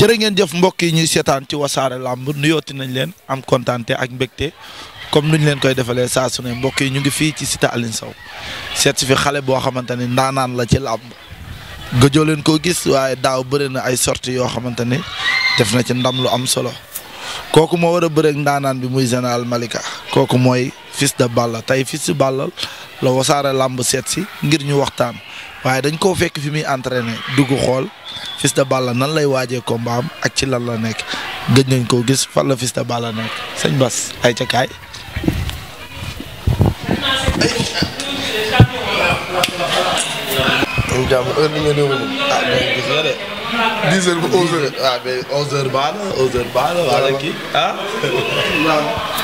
jërë ngeen jëf mbokk yi ñuy seetaan ci wasaare làmb nuyooti nañ leen am kontaan ak mbégte comme nuñ leen koy defalee saa su ne mbokk yi ñu ngi fii ci Cité Aline Sow seet si fi xale boo xamante ne ndaanaan la ci làmb gëjoo leen koo gis waaye daaw bëri na ay sorties yoo xamante ne def na ci ndam lu am solo kooku moo war a bëreeg ndaanaan bi muy général Malika kooku mooy fils de Balla tey fils de Balla la wasaare làmb seet si ngir ñu waxtaan waaye dañ koo fekk fi muy entraîné dugg xool fils de Balla nan lay waajee ko mbaam ak ci lan la nekk gëj nañ koo gis fan la fils de Balla nekk sëñ Bas ay ca ñu jàmm heure bi nga ñëw ba ah mais gis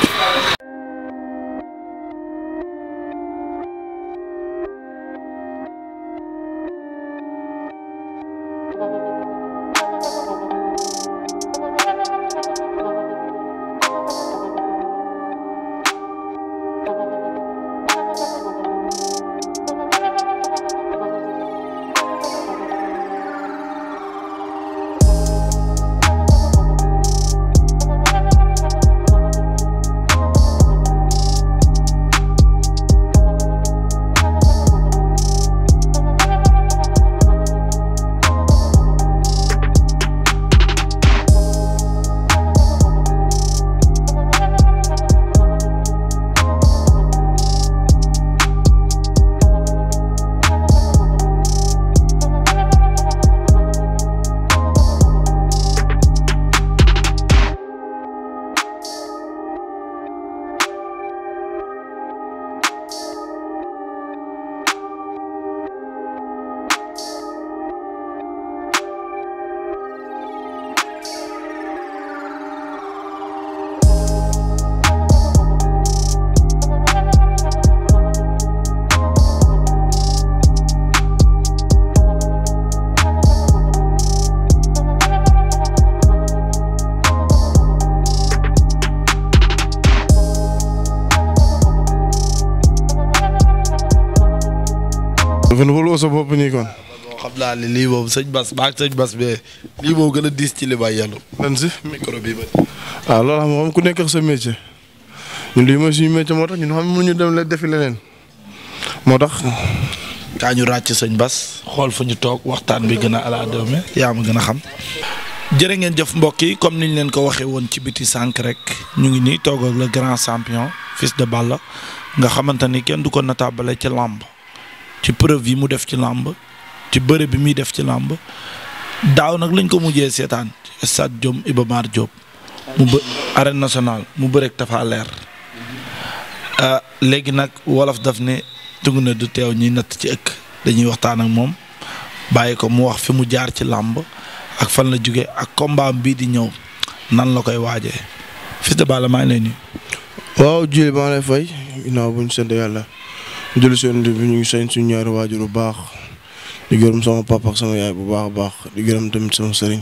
so bopp nii kon. xam laa ne lii moom sëñ Bas baa ngi sëñ Bas bee lii moom gën a diis ci li may yàlla. lan bi ba. waaw ah, loolu ku nekk ak sa métier ñun lii mooy suñu métier moo tax ñun xam nga ñu dem la defi leneen moo tax. kaa ñu ràcc sëñ Bas xool fu ñu toog waxtaan bi gën a ala doome yaa ma gën a xam. jërë ngeen jëf mbokk yi comme niñ leen ko waxee woon ci biti sànq rek ñu ngi nii toog ak le grand champion fils de Balla nga xamante ni kenn du ko nataabale ci làmb ci preuve yi mu def ci làmb ci bëre bi muy def ci làmb daaw nag lañ ko mujjee seetaan ci stade Diom Iba Mar Diop mu bë arène nationale mu bëreeg Tapha Leer euh, léegi nag wolof daf ne tungu na du teew ñuy natt ci ëkk dañuy waxtaan ak moom bàyyi ko mu wax fi mu jaar ci làmb ak fan la jóge ak combat bii di ñëw nan la koy waaje Fils de Balla maa ngi waaw Dieu maa ngi fay ginnaaw bu ñu sant yàlla. julli si yonent bi ñu ngi suñ suñu ñaari waajur bu baax di gërëm sama papa ak sama yaay bu baax a baax di gërëm tamit sama sëriñ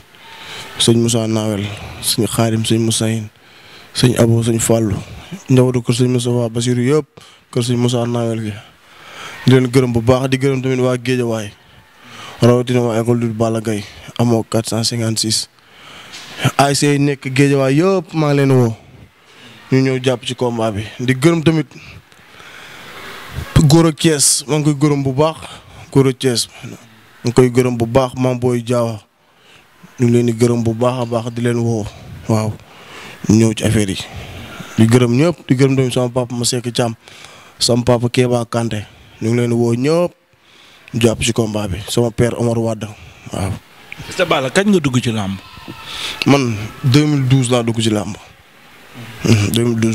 sëñ Moussa Nawel sëñ Xaadim sëñ Moussa Yin sëñ Abo sëñ Fallou njabootu kër sëñ Moussa waa Basiru yëpp kër sëñ Moussa Nawel gi di leen gërëm bu baax di gërëm tamit waa Géejawaay rawatina waa école du Balla Gaye amoo 456. ASC yi nekk Géejawaay yëpp maa ngi leen woo ñu ñëw jàpp ci combat bi di gërëm tamit. Goro Thiès maa ngi koy gërëm bu baax Goro Thiès maa ngi koy gërëm bu baax Mame Boye Diao ñu ngi leen di gërëm bu baax a baax di leen woo waaw ñëw ci affaire yi. di gërëm ñëpp di gërëm tamit sama papa ma sekk Thiam sama papa Kéba Kanté ñu ngi leen di woo ñëpp jàpp ci combat bi sama père Omar Wade waaw. Sa Balla kañ nga dugg ci làmb. man 2012 laa dugg ci làmb. 2012 mhm,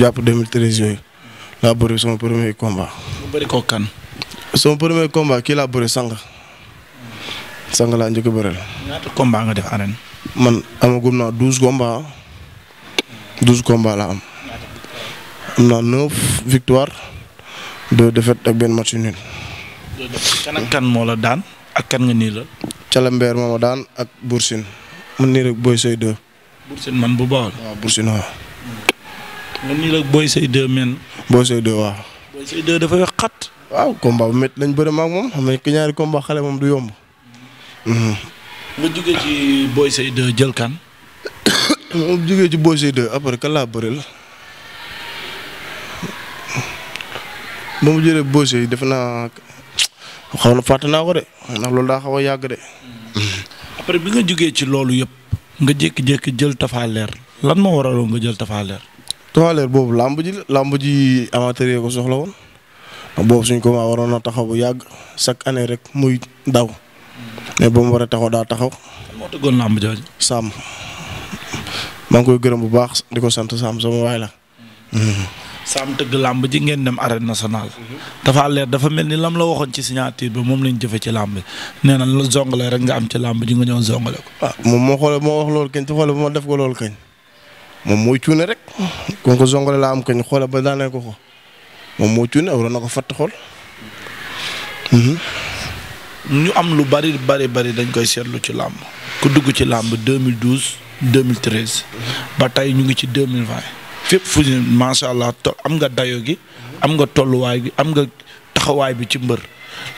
jàpp 2013 yooyu. laa bëri sama premier combat. mu bëri ko kan. sama premier combat kii laa bëri sang. sang laa njëkk a bëreel. man amagum naa douze combats douze am. am naa victoire deux défaites ak benn match nul. kan ak kan moo la daan ak kan nga nii la. Calambeer moo ak Boursine man nii rek Boy Seye 2. Boursine man bu baax waaw Boursine man mii la booy Seye 2 men. Boy Seye 2 waaw. Boy Seye 2 dafa wex xat. waaw combat bu métti lañ bëri ma ak moom xam ne ki ñaari combat xale moom du yomb. Mhm. nga jugee ci Boy Seye 2 jël kan. ma jugee ci Boy Seye 2 après kan laa bëri la. ba mu jëlee Boy def defe naa xaw na fàtte naa ko de ndax loolu daa xaw a yàgg de. après bi nga jugee ci loolu yëpp. nga jékki-jékki jël Tapha Leer lan moo waraloon nga jël Tapha Leer. trois boobu làmb ji làmb ji amateur yi ko soxla woon boobu suñ ko ma waroon a taxaw bu yàgg chaque année rek muy daw mais ba mu war a taxaw daa taxaw. moo tëggoon làmb jooju. Sam maa ngi koy gërëm bu baax di ko sant Sam sama waay la. Mhm. Sam tëgg làmb ji ngeen dem arène nationale. Mhm. dafa leer dafa mel ni lam la waxoon ci signature bi moom lañ jëfe ci làmb bi nee na la zongale rek nga am ci làmb ji nga ñëw zongale ko. Ah, moom moo xoole moo wax loolu kañ te xoolee bu ma def ko loolu kañ. moom mooy cuune rek kon ko zongale laa am kañ xoola ba daanee ko ko moom mooy cuune waroon na ko fatt xool. Mhm. ñu am lu bari bari bari dañ koy seetlu ci làmb ku dugg ci làmb 2012 2013 ba tey ñu ngi ci 2020 fépp fu ñu macha allah to am nga dayo gi am nga tolluwaay gi am nga taxawaay bi ci mbër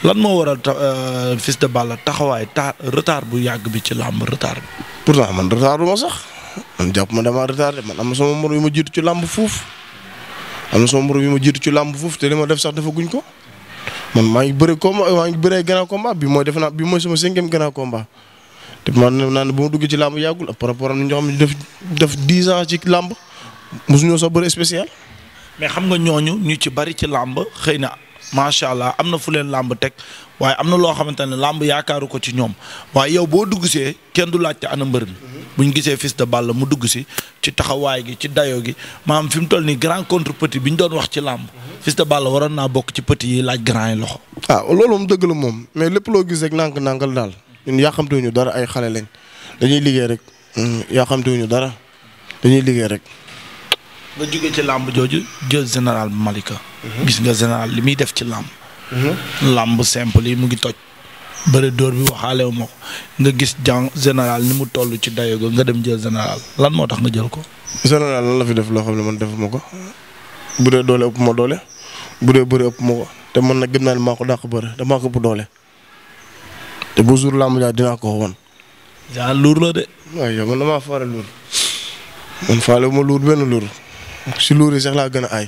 lan moo waral euh, Fils de Balla taxawaay ta retard bu yàgg bi ci làmb retard bi. pourtant man retard du sax. man jàpp ma dama retardé man am na sama mor yu ma jiitu ci làmb fuuf am na sama mor yu ma jiitu ci làmb fuuf te li ma def sax dafa guñ ko man maa ngi bëre combat maa ngi bëree grand combat bi mooy def naa bi mooy sama cinquième grand combat te man naan ba ma dugg ci làmb yàggul par rapport ak ñi nga xam def def dix ans ci làmb mosuñoo sax bëre spécial. mais xam nga ñooñu ñu ci bari ci làmb xëy na macha allah am na fu leen làmb teg waaye am na loo xamante ne làmb yaakaaru ko ci ñoom waaye yow boo dugg see kenn du laajte ana mbër mi bu ñu gisee Fils de mu dugg si ci taxawaay gi ci dayo gi maanaam fi mu toll nii grand contre bi ñu doon wax ci làmb Fils de waroon naa bokk ci petit yi laaj grand yi loxo. ah loolu moom dëgg la moom mais lépp loo gis rek nànk-nànkal daal ñun ñu dara ay xale lañ dañuy liggéey rek hmm, yàqamtuwuñu dara dañuy liggéey rek. nga jóge ci làmb jooju jël général Malika. Mhm. gis nga général li muy def ci làmb. Mhm. làmb simple yi mu ngi toj. bëri dóor bi waxaale wu ma ko nga gis jàng général ni mu toll ci dayoo nga dem jël général lan moo tax nga jël ko. général lan la fi def loo xam ne man defuma ko bu dee doole ëpp ma doole bu dee bëri ëpp ma ko te man nag gëm naa ne maa ko dàq bëri damaa ko ëpp doole te bu jour làmb jaa dinaa ko woon. jaa luur la de. waaw yow man damaa faare ma luur benn luur. si luur yi sax laa gën a ay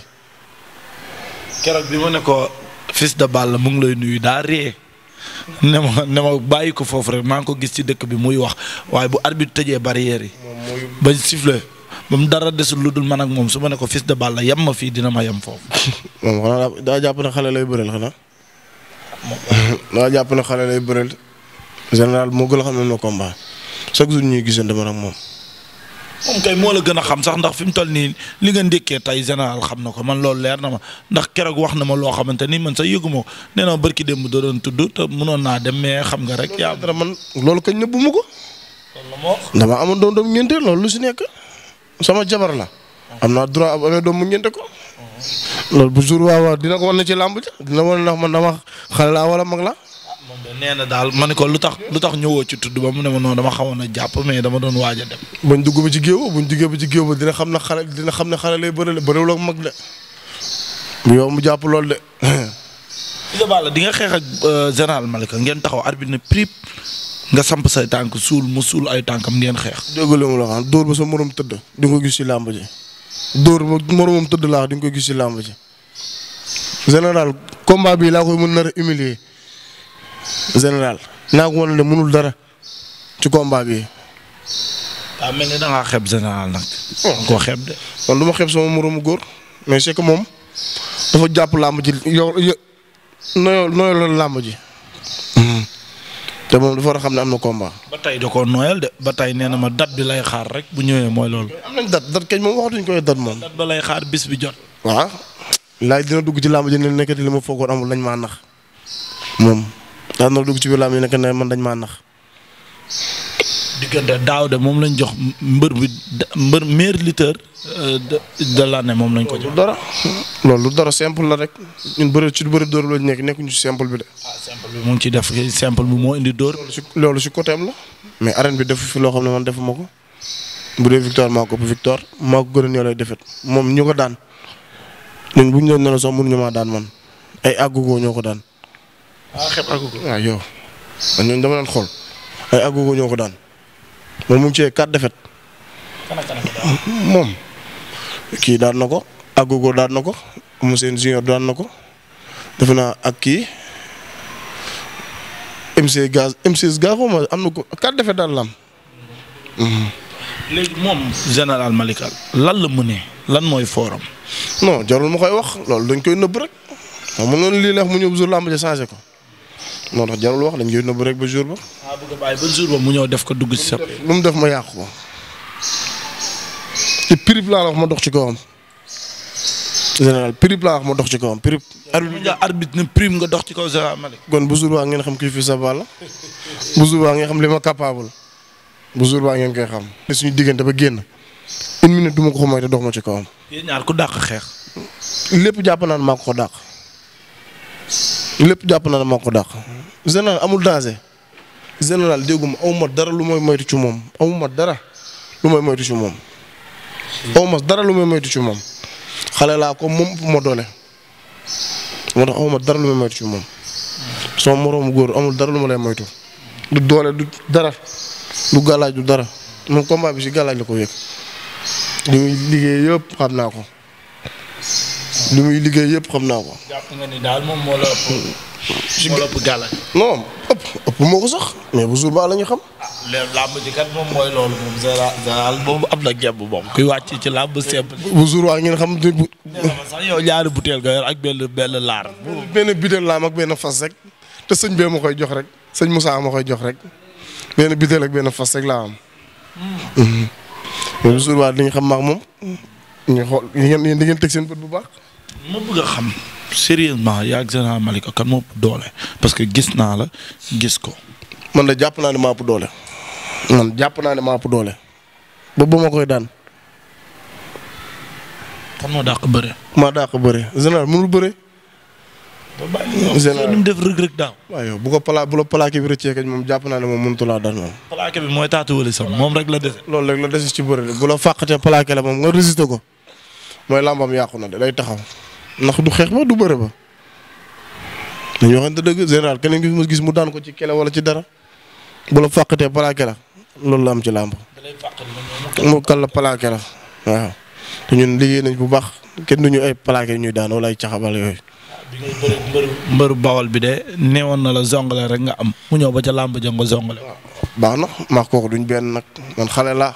keroog bi ma ne ko Fils de Balla la ngi lay nuyu daa ree ne ma bàyyi ko foofu rek maa ngi ko gis ci dëkk bi muy wax waaye bu arbitre tëjee barrière yi. bañ sifflé ba mu dara desul lu dul man ak moom su ma ne ko Fils de Balla yem ma fii dina ma yem foofu. moom xanaa daa jàpp na xale lay bëreel xanaa. daa jàpp na xale lay bëreel. général moo gën a xam ne combat chaque jour ñuy gisante man ak moom. moom kay moo la gën a xam sax ndax fi mu toll nii li nga ndékkee tey général xam na ko man loolu leer na ma ndax keroog wax na ma loo xamante ni man sax yëgu ma ko nee naa barki démb da doon tudd te mënoon naa dem mais xam nga rek. yaa dara man loolu kañ bu ma ko. dama amoon doom doom ñeenteel loolu lu si nekk sama jabar la. am na droit am amee doom mu ñeente ko. Mhm. loolu bu jour waaw dina ko wan na ci làmb ja dina wan ndax man dama xale laa wala mag la nee na daal lu tax lu tax ñëwoo ci tudd ba mu ne ma noonu dama xamoon a jàpp mais dama doon waaj a dem. buñ dugg ba ci géew buñ duggee ba ci géew ba dina xam ne xale dina xam ne xale lay bëri bëriwul ak mag yow mu jàpp loolu de. Fils di nga xeex ak euh, général Malika ngeen taxaw arbitre ne prip nga samp say tànk suul mu suul ay tànkam ngeen xeex. dégg nga la xam dóor ba sa morom tëdd di nga ko gis ci làmb ji dóor ba moromam tëdd laa di ko gis ci làmb ji général combat laa koy mën nar a humilier général naa ko wane mënul dara ci combat bi. daa mel ni da ngaa xeeb général nag. Oh. koo xeeb de. kon du ma xeeb sama moroomu góor mais moom dafa jàpp làmb ji yow yo noyoo noyoo la làmb ji. Hmm. te moom dafa war xam na combat. tey da koo ba tey nee na ma date bi lay xaar rek bu ñëwee mooy loolu. am nañ date koy date moom. date ba lay xaar bis bi jot. waaw. laaj dina dugg ci làmb ji ne nekkati li ma foogoon amul lañ maa nax moom. daan na dugg ci biir làmb yi nekk ne man dañ maa nax. diggante daaw de moom lañ jox mbër bi mbër meilleur lutteur euh, de de ne moom lañ ko jox. dara loolu dara simple la rek ñun bëri ci bëri dóor lañ nekk nekkuñu ci simple bi de. ah simple bi mu ngi ciy def simple bi moo indi door loolu si loolu si côté am la. mais arène bi def fi loo xam ne man defuma ko bu dee victoire maa ko ëpp victoire maa ko gën a ñëw lay defet moom ñu ko daan ñun bu ñu doon ne la sax mënuñu maa daan man ay àggu ñoo ko daan. ah xeeb agogo waaw ah, yow. dama daan xool ay agogo ñoo ko daan moom mu ngi cee quatre défaites. moom. kii daan na ko agogo daan na ko mu seen junior daan na ko def naa ak kii MC gaz MC gaz xaw ma am na ko quatre défaites daal la am. Mhm. léegi moom général lan la mu ne lan mooy forum. non jarul ma koy wax loolu dañ koy nëbb rek. waaw mu noonu lii leex mu ñëw jour làmb ja changé ko. moo tax jarul wax dañ koy nëbb rek ba jour ba. waaw bëgg bàyyi ñëw def ko dugg ci sa. lu mu def ma yàqu ko. te prip laa la wax ma dox ci kawam. général prip laa wax ma dox ci kawam prip. arbitre ne prime nga dox ci kaw général Malick. kon bu jour baa ngeen xam kii fii sa baal bu jour baa ngeen xam li ma capable bu jour baa ngeen koy xam. ne suñu diggante ba génn une minute du ko xamay te dox ma ci kawam. yéen ku dàq xeex. lépp jàpp naa ne ko ko lépp jàpp naa ne maa ko ko dàq. général amul danger général dégguma awma dara lu may moytu dara lu may moytu ci moom. awma dara lu may moytu ci moom xale laa ko moom ëpp ma doole moo tax dara lu may moytu ci moom sama moroomu góor amul dara lu ma lay moytu du doole du dara du galaaj du dara moom combat bi si galaaj la ko yëg lu muy liggéey yëpp xam naa ko lu muy liggéey yëpp xam naa ko. moo la ëpp gàllankoor. non ëpp moo ko sax mais bu jour baax la ñu xam. làmb ji kat moom mooy loolu moom général général boobu na gemb moom. kuy wàcc ci làmb simple. bu jour waa ngeen xam. nee sax butéel nga ak benn benn laar. benn butéel laam ak benn fas rek te sëñ bee ma koy jox rek sëñ Moussa ma koy jox rek benn butéel ak benn fas rek laa am. mais hmm. bu jour waa dañu xam maak moom ñu xool di ngeen di ngeen teg seen bët bu baax. ma bëgg a xam. sérieusement yaa ngi Général Malika kan moo ëpp doole parce que gis naa la gis ko. man de jàpp naa ne maa doole. man jàpp naa ne maa doole. ba ma koy daan. kon moo dàq bëre. maa dàq bëre Général mënul bëre. général def rëg rëg daaw. waaw yow bu ko pala bu la plaqué bi moom jàpp naa ne laa daan moom. plaqué bi moom rek la dese. loolu rek la dese ci bëri bu la moom nga résisté ko mooy làmbam yàqu na de day taxaw. ndax du xeex ba du bëre ba dañoo waxante dëgg général keneen gis mu gis mu daan ko ci kele wala ci dara bu la fàqatee plaqué la loolu la am ci làmb mu kal la plaqué la waaw te ñun liggéey nañ bu baax kenn duñu ay plaqué ñuy daan wala ay caxabal yooyu bi ngay mbëru bawal bi de neewoon na la zongale rek nga am mu ñëw ba ca làmb ja nga zongale. baax na maa kook duñu benn nag man xale laa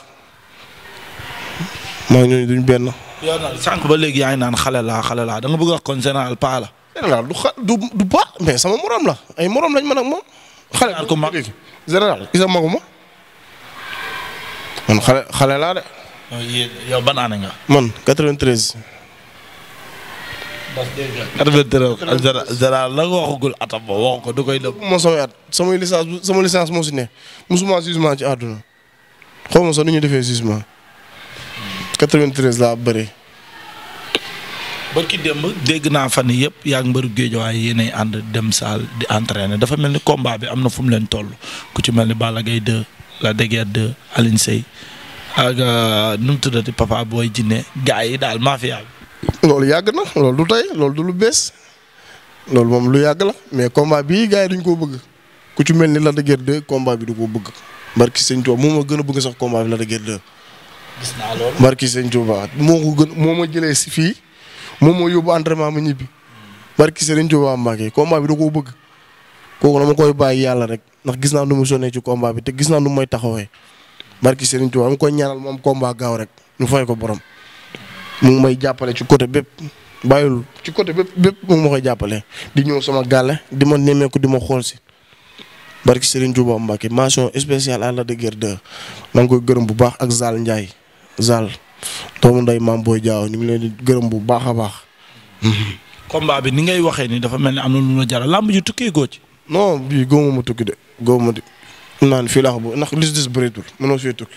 maa ñooñu duñ benn. yor sànq ba léegi yaa ngi naan xale laa xale laa da nga bëgg a kon général paa la. du ba mais sama morom la ay morom lañ mën ak moom. xale ko mag général isa maguma man xale xale laa de. nga. man 93. parce que général la nga waxagul atam ba wax ko du koy dëpp. moom sama licence moo si ne musuma jugement ci àdduna xaw ma nu ñu defee jugement. 93 laa bëri. ki démb dégg naa fan yii yëpp yaa ngi mbëru géejawaay yéenay ànd dem saal di entraîner dafa mel ni combat bi am na fu leen toll ku ci mel ni Balla gay 2 la Degueur 2 Alioune Seye ak euh, nu mu tuddati Papa Boy Djiné gars yi daal mafia bi. loolu yàgg na loolu du tey loolu du lu bees loolu moom lu yàgg la mais combat bi gars yi duñ koo bëgg ku ci mel ni la Degueur 2 combat bi du ko bëgg barki sëñ Tuubaa moom moo gën a bëgg sax combat bi la Degueur gis naa loolu. barki moo ko gën moo ma jëlee si fii moom moo yóbbu entraînement ma ñibbi barki sëñ Touba Mbacke combat bi da koo bëgg kooku dama koy bàyyi yàlla rek ndax gis naa nu mu sonnee ci combat bi te gis naa nu may taxawee barki sëñ Touba dama koy ñaanal moom combat gaaw rek ñu fay ko borom mu ngi may jàppale ci côté bépp. bàyyul ci côté bépp bépp moom ma jàppale di ñëw sama gàlle di ma nemmeeku di ma xool si barki Serigne Touba Mbacke mention spéciale à Lac de Guiers 2 maa ngi koy gërëm bu baax ak Zal Ndiaye Zal doomu nday maam boo jaaw ñu ngi leen di gërëm bu baax a baax. combat bi ni ngay waxee ni dafa mel ni am na lu la jaral làmb ji tukkee góor ci. non bii góob ma tukki de góob ma di naan fii laax bu ndax lis dis bëreetul mënoo fee tukki.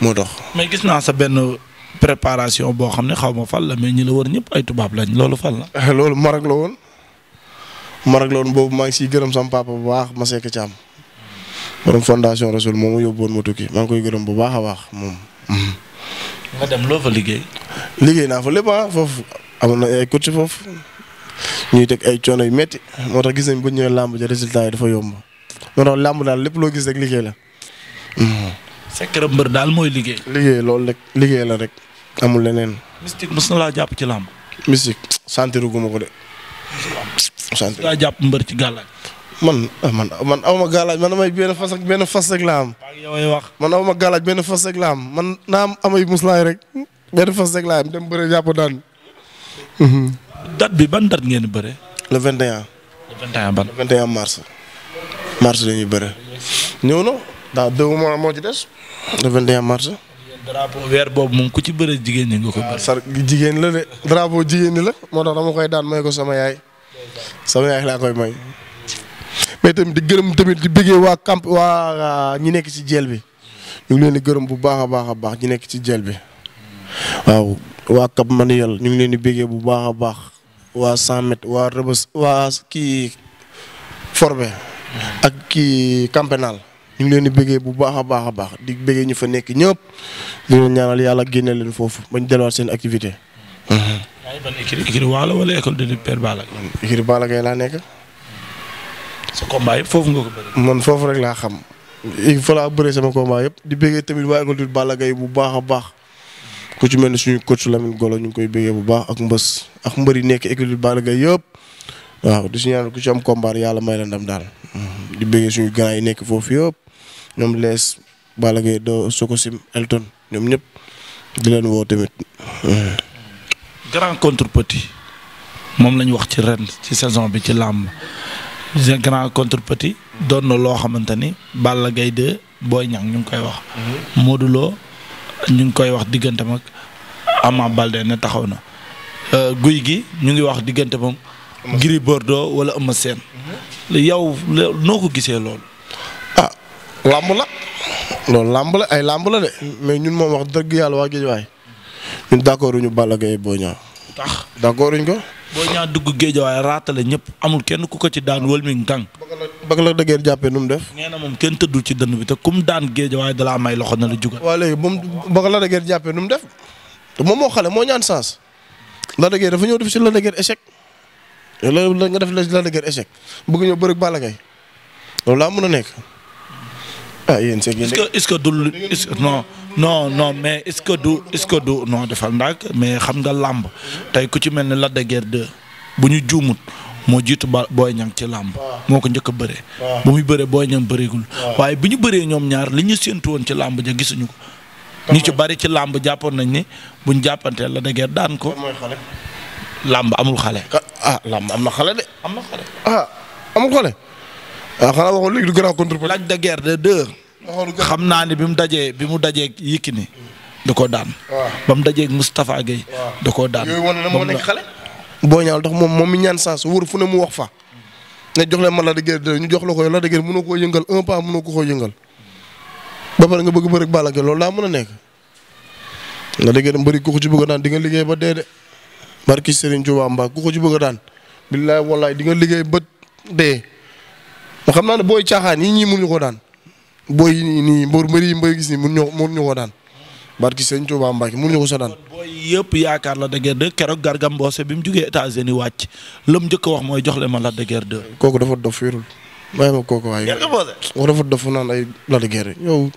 moo tax mais gis naa sa benn préparation boo xam ne xaw ma fan la mais ñi la wër ñëpp ay tubaab lañ loolu fan la. Eh, loolu Maroc la woon Maroc la woon boobu maa ngi siy gërëm sama bu baax ma sekk Thiam. borom fondation Rasoul moom ma yóbbu woon ma tukki maa koy gërëm bu baax a baax moom. Mm-hmm. nga loo fa liggéey. liggéey naa fa lépp a ah, foofu amoon na ay coach foofu ñuy teg ay coono yu métti moo tax gis nañ bu ñu làmb ja résultat yi dafa yomb moo tax làmb daal lépp loo gis rek liggéey la. Hmm. secret mbër daal mooy liggéey. liggéey loolu rek liggéey la rek amul leneen. mystique mos na laa jàpp ci làmb. mystique santiru guma ko de. laa jàpp mbër ci gàllankoor. Ah, man man man aw ma galaaj man amay benn fas ak benn fas rek laa wax man aw ma galaaj benn fas rek laa man naam amay muslaay rek benn fas rek laa am dem bëre jàpp daan. Mhm. date bi ban date ngeen bëre. le 21. le 21 ban le 21 mars. mars la bëre. ñëw na daa deux mois moo ci des. le 21 mars. drapeau weer boobu moom ku ci bëre jigéen ñi nga ko bëre. sar jigéen la de drapeau jigéen la moo tax dama koy daan may ko sama yaay. sama yaay laa koy moy mais tamit di gërëm tamit di bëggee waa camp waa euh, ñi nekk ci jeel bi ñu ngi leen di gërëm bu baax a baax a baax ñi nekk ci jeel bi waaw waa Cap Manuel ñu ngi leen di bëggee bu baax a baax waa 100 mètres waa kii Forbe ak kii Campenal ñu ngi leen di bëggee bu baax a baax a baax di bëggee ñu fa nekk ñëpp di leen ñaanal yàlla génne leen foofu bañ delluwaat seen activité. waaye ban écrit écrit waalo wala école de Père Balla Gaye. écrit Balla laa nekk. sa combat yëpp foofu nga ko bëri. foofu rek laa xam. il faut laa bëree sama yëpp di bëggee tamit waa école Balla bu baax a baax ku ci mel ni suñu coach Lamine Golo ñu ngi koy bëggee bu baax ak mbës ak mbëri nekk école Balla Gaye yëpp waaw di suñu ñaan ku am combat yàlla may la ndam daal. Mm-hmm. di bëggee suñu gars yi nekk foofu yëpp ñoom lees Balla Gaye do Sokosim ñoom ñëpp di leen woo tamit. Mm-hmm. grand contre petit moom lañu wax ci ren ci saison bi ci làmb grand contre petit. doon na loo xamante ni Balla Gaye 2 Boy ñu ngi koy wax. Mhm. Modou Lo ñu ngi koy wax diggante mag Ama Baldé ne taxaw na euh, guy gi ñu ngi wax diggante moom. Gris Bordeaux wala Eumeu Sène. Mhm. yow noo ko gisee loolu. ah làmb la loolu làmb la ay làmb la de mais ñun moom wax dëgg yàlla waa Guédiawaye ñun d'accord ñu Balla Gaye Boy Niang tax d'accord ko. boo ñaa dugg géej waaye raatale ñëpp amul kenn ku ko ci daan wël mi ngang ba la dëggeen jàppee nu mu def nee na moom kenn tëddul ci dënn bi te kum daan géej waaye dalaa may loxo na la jugal waaw léegi moom ba mu def te moom moo xale moo ñaan sens la dëggeen dafa ñëw def si la dëggeen échec la nga def la dëggeen échec bëgg ñëw bërëg Balla Gaye loolu laa mën a nekk ah yéen est-ce que est non non no mais est-ce que du est-ce que du non defal ndànk mais xam nga làmb tey ku ci mel ne Lac de bu ñu juumut moo jiitu ba Boy ñang ci làmb moo ko njëkk a bëree bu muy bëree Boy Niang bëreegul waaye bu ñu bëree ñoom ñaar li ñu séentu woon ci làmb ja gisuñu ko ñu ci bari ci làmb jàppoon nañ ni buñ jàppantee Lac de Guiers daan ko làmb amul xale ah làmb am na xale am na xale ah amul xale ah xanaa waxoon léegi du grand contre Lac de xam naa ne bi mu dajee bi mu dajee Yékini da koo daan. ba mu dajee Moustapha Gueye. da koo daan yooyu na moo nekk xale. boo ñaaw tax moom moom mi ñaan sens wër fu ne mu wax fa. ne jox leen man la dëgër ñu jox la ko la dëgër mënoo koo yëngal un pas mënoo koo yëngal. ba pare nga bëgg bëri Balla loolu daa mën a nekk. la dëgër mbëri ku ko ci bëgg a daan di nga liggéey ba dee de. barki Serigne Touba Mbacke ku ci bëgg a daan. billaay wallaay di nga liggéey bët dee. xam naa ne booy caaxaan yi ñii mënuñu ko daan booy yi nii nii mbër mbër mun ñoo mun ñu ko daan barki sëñ Tuubaa Mbàkke mun ñu ko sa daan. booy yëpp yaakaar la de guerre keroog Garga Mbossé bi mu jugee États-Unis wàcc la mu njëkk wax mooy jox leen ma Lac de Guerre 2. kooku dafa dof yorul bàyyi ma kooku waaye. naan ay Lac de Guerre yow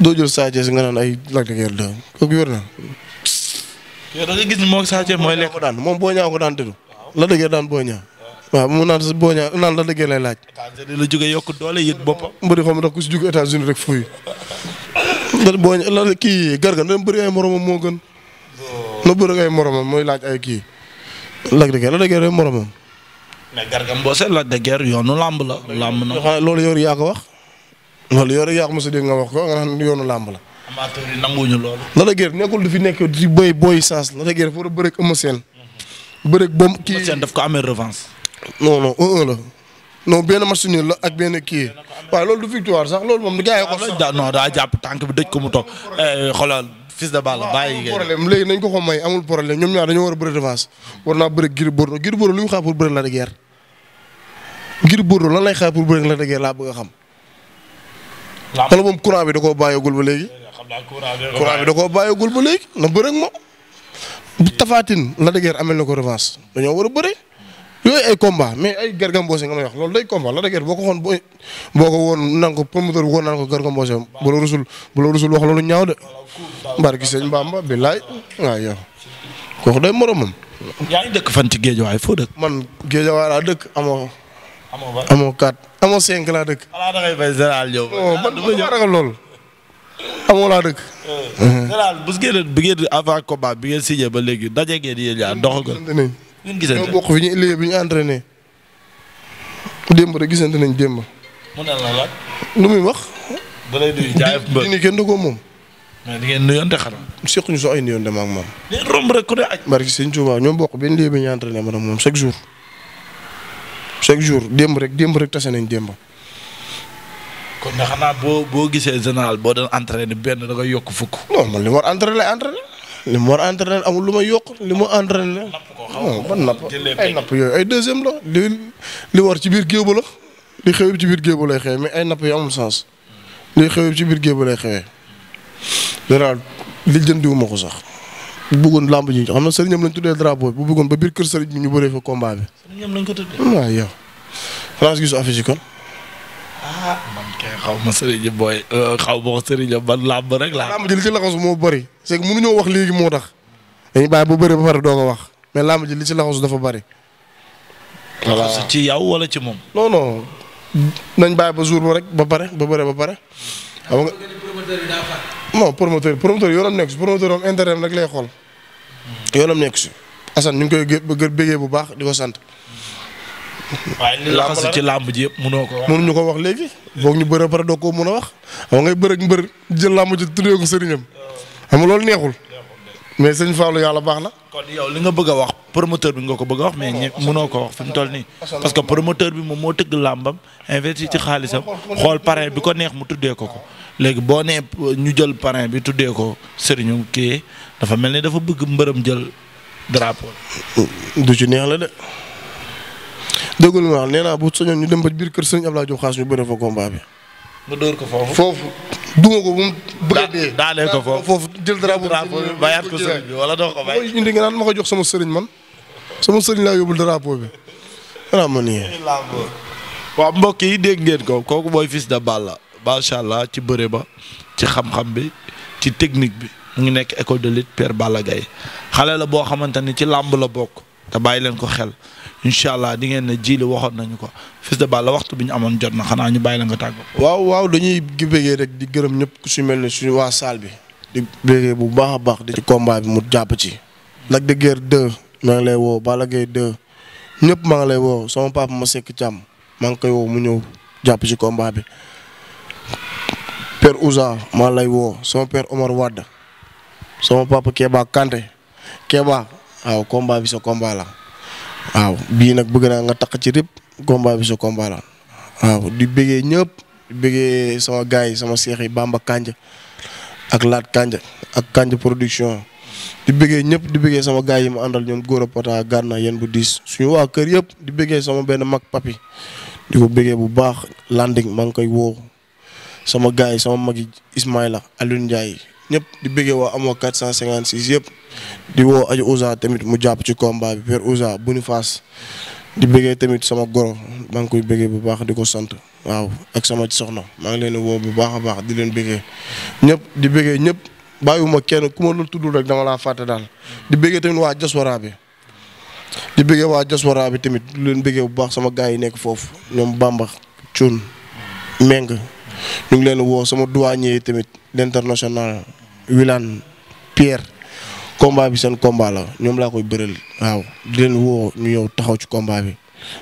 doo Sa Thiès nga naan moom Sa Thiès mooy lekk. moom boo daan tëdd. waaw mu naan boo ñaaw la dëggee lay laaj. Tanzanie la jógee yokk doole yëg boppam. mbëri xaw ma ndax ku si jógee États-Unis rek la kii garga na bëri ay moromam moo gën. Oh. na ay kii. la dëggee la dëggee rek moromam. mais garga la dëggee yoonu làmb la. làmb na loolu yow yaa a dégg nga la. amateur yi nanguwuñu loolu. la dëggee nekkul nekk di béy booy sens la dëggee dafa war a bëreeg mm-hmm. bom kii Eumeu Sène daf ko non non un la non benn match nii la ak benn kii waaw loolu du victoire sax loolu moom gars yi ko sax non jàpp tànk bi dëj ko mu to eh, xoolal fils de balle bàyyi léegi nañ ko ko may amul problème ñoom ñaar dañoo war a bëri revanche war naa bëri Gris Bordeaux Gris Bordeaux lu ñu xaar pour bëri la de lay xaar pour bëri la de laa bëgg a xam wala moom courant bi da koo bàyyoogul ba léegi courant bi da koo bàyyoogul ba léegi na bëri ak moom bu Tapha Tine la de guerre na ko revanche dañoo war a bëri yooyu ay combat mais ay Garga Mbossé nga may wax loolu day combat la dëgg boo ko xoon boo ko woon nan ko promoteur bu ko naan ko Garga Mbossé rusul bu la rusul wax loolu ñaaw de. barki sëñ Bamba billaay waaw yow kooku day moromam. yaa ngi dëkk fan ci dëkk. man Géejawaay laa dëkk amoo. amoo amoo quatre amoo cinq laa dëkk. xanaa da oh, man ah, du ma ragal lool. amoo laa eh, bi ba léegi daje ngeen yéen ñun gisante ñoo bokk fi ñu liggéey bi ñu entraîné démb rek gisante nañ démb. mu lu muy wax. ba lay nuyu jaay ba di ko moom. mais di ngeen nuyoon de xanaa. seq ñu sax ay nuyoon de ma ak moom. mais romb rek ku ne aj. barki sëñ ñoo bokk benn liggéey bi ñu entraîné ma ak moom chaque jour. chaque jour démb rek démb rek tase nañ démb. kon nag boo boo gisee général boo doon entraîné benn da nga yokk fukk. non man li war entraîné entraîné. li mu war a amul lu ma yokk li mu entraîné. ban napp ay napp yooyu ay deuxième la li li war ci biir géebu la li xew ci biir géebu lay xewee mais ay napp yu amul sens li xew ci biir géebu lay xewee. dara li jëndiwu ma ko sax bu bëggoon làmb ji xam na sëriñam lañ tuddee drapeau bi bu bëggoon ba biir kër sëriñ bi ñu bëree fa combat bi. sëriñam lañ ko tuddee. waaw yow France kon. Ah, xaw ma Serigne booy euh, xaw ma Serigne man ba rek laa. làmb ji li ci laxasu moo bëri mu que mënuñoo wax léegi moo dax dañ bàyyi bu bëri ba pare doo ko wax mais làmb ji li ci laxasu dafa bëri. ci yow wala ci moom. non non nañ ba jour rek ba pare ba bëre ba pare. xam nga non promoteur promoteur yoonam nekk si promoteur am intérêt rek lay xool. Hmm. yoonam nekk si. Assane ñu ngi koy gë bëggee bu baax di ko sant. waaye li laxasu ci làmb ji yëpp mënoo ko wax. ñu ko wax léegi boog ñu bëre pare doo koo mun a wax xam ngay bëre ak mbër jël làmb ji tuddee ko sëriñam xam nga loolu neexul. mais sëñ Fallou yàlla baax na. yow li nga bëgg wax promoteur bi nga ko bëgg a wax mais ñi mënoo ko wax fi mu toll nii. parce bi moom moo tëgg làmbam ci xaalisam xool parrain bi ko neex mu tuddee ko ko léegi boo nee ñu jël parrain bi tuddee ko sëriñu kii dafa mel ni dafa bëgg mbërëm jël drapeau. du ci neex la de. dëgg lu ma wax bu soñoon ñu dem ba biir kër sëñ Abdoulaye Diop xaas ñu bëre fa combat bi. mu ko foofu. foofu duma ko bu mu bëgg dee. daaneel ko foofu jël drapeau bi bayaat ko wala doo ko nga naan ma ko jox sama sëriñ man sama sëriñ laa yóbbul drapeau bi xanaa ma mbokk yi dégg ngeen ko kooku mooy Fils de Balla macha allah ci bëre ba ci xam-xam bi ci technique bi mu ngi nekk école de lutte Père Balla gay xale la boo xamante ni ci làmb la bokk te bàyyi leen ko xel incha allah di ngeen ne jiili waxoon nañu ko Fils de Balla waxtu bi ñu amoon jot na xanaa ñu bàyyi la nga tàggoo. waaw waaw dañuy bëggee rek di gërëm ñëpp ku si mel ne suñu waa saal bi. di bëggee bu baax a baax di ci combat bi mu jàpp ci. Lac de maa ngi lay woo Balla maa ngi lay woo sama papa ma sekk càmm maa ngi koy woo mu ñëw jàpp ci combat bi. père Ouza maa lay woo sama père Omar Wade sama papa Kéba Kanté Kéba waaw combat bi sa combat la. waaw bii nag bëgg naa nga taq ci rëbb combat bi sa combat waaw di bëggee ñëpp di bëggee sama gars yi sama seex yi Bamba Kanja ak Laat Kanja ak Kanja production di bëggee ñëpp di bëggee sama gars yi ma àndal ñoom Gora Pota Garna yéen bu diis suñu waa kër yëpp di bëggee sama benn mag papi di ko bëggee bu baax landing maa ngi koy woo sama gars yi sama mag yi Ismaïla ñëpp di bëggee waa amoo 456 yëpp di woo Ousa tamit mu jàpp ci combat bi Père Ousa Boniface di bëggee tamit sama goro maa ngi koy bu baax di ko sant waaw ak sama soxna maa ngi leen woo bu baax a baax di leen bëggee ñëpp di bëggee ñëpp bàyyiwuma kenn ku ma lu tuddul rek dama laa fàtte daal di bëggee tamit waa Jaswara bi di bëggee waa Jaswara bi tamit di leen bëggee bu baax sama gaa yi nekk foofu ñoom Bamba Cuun Meng ñu ngi leen woo sama douanier yi tamit l'international Wilane Pierre combat bi seen combat la ñoom laa koy bëreel waaw di leen woo ñu yow taxaw ci combat bi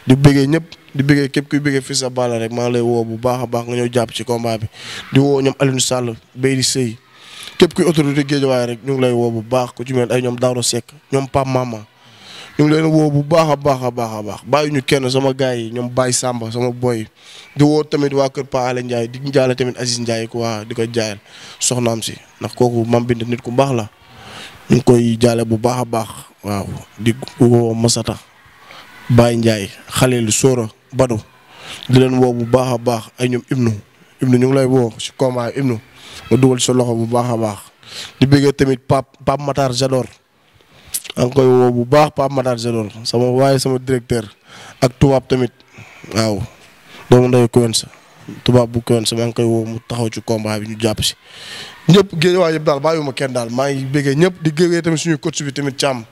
di bëggee ñëpp di bëggee képp kuy bëggee Fils de Balla rek maa ngi lay woo bu baax a baax nga ñëw jàpp ci combat bi di woo ñoom Alioune Sall bay di sëy képp kuy autorité waaye rek ñu ngi lay woo bu baax ku ci mel ay ñoom Daaro Seck ñoom Pape Mama ñu ngi leen woo bu baax a baax a baax a baax bàyyi ñu kenn sama gars yi ñoom Baye Samba sama boy di woo tamit waa kër Pa Alé Ndiaye di jaale tamit Aziz Ndiaye ku waa di ko jaayal soxnaam si ndax kooku mam bind nit ku baax la ñu ngi koy jaale bu baax a baax waaw di woo Masata Baye Ndiaye Khalil Sora Badou di leen woo bu baax a baax ay ñoom Ibnu Ibnu ñu ngi lay woo si combat Ibnu nga dugal sa loxo bu baax a baax di bëggee tamit Pape Pape Matar Jador maa bu baax Pape Matar Jador sama waaye sama directeur ak tubaab tamit waaw doomu ndeyu Kouensa tubaab bu Kouensa maa ngi koy woo mu taxaw ci combat bi ñu jàpp si. ñëpp géej waa yëpp daal bàyyiwuma kenn daal maa ngi bëggee ñëpp di géej tamit suñu tamit càmm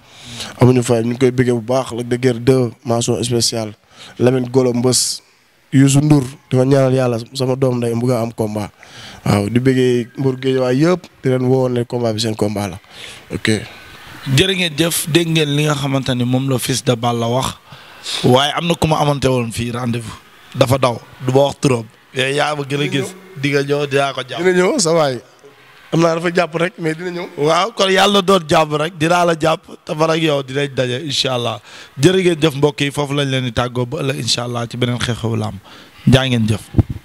amuñu fay ñu ngi koy bëggee bu baax la de Guiers 2 mention spéciale Golo Mbës Youssou Ndour dama ñaanal yàlla sama doom nday mu nga am combat waaw di bëggee mbër géej waa yëpp di leen woo ne combat bi seen combat la jërë ngeen jëf dégg ngeen li nga xamante ni moom la Fils de Balla wax waaye am na ku ma amante woon fii rendez-vous dafa daw du ma wax turam. Eh, yaa ma gën a gis di nga ñëw dinaa ko jàpp. dina ñëw sa waay am naa dafa jàpp rek mais dina ñëw. waaw kon yàlla doon jàpp rek dinaa la jàpp te man yow dinañ daje incha allah jërë ngeen jëf mbokk yi foofu lañ leen di tàggoo ba ëllëg incha allah ci beneen xew-xewu làmb jaa jëf.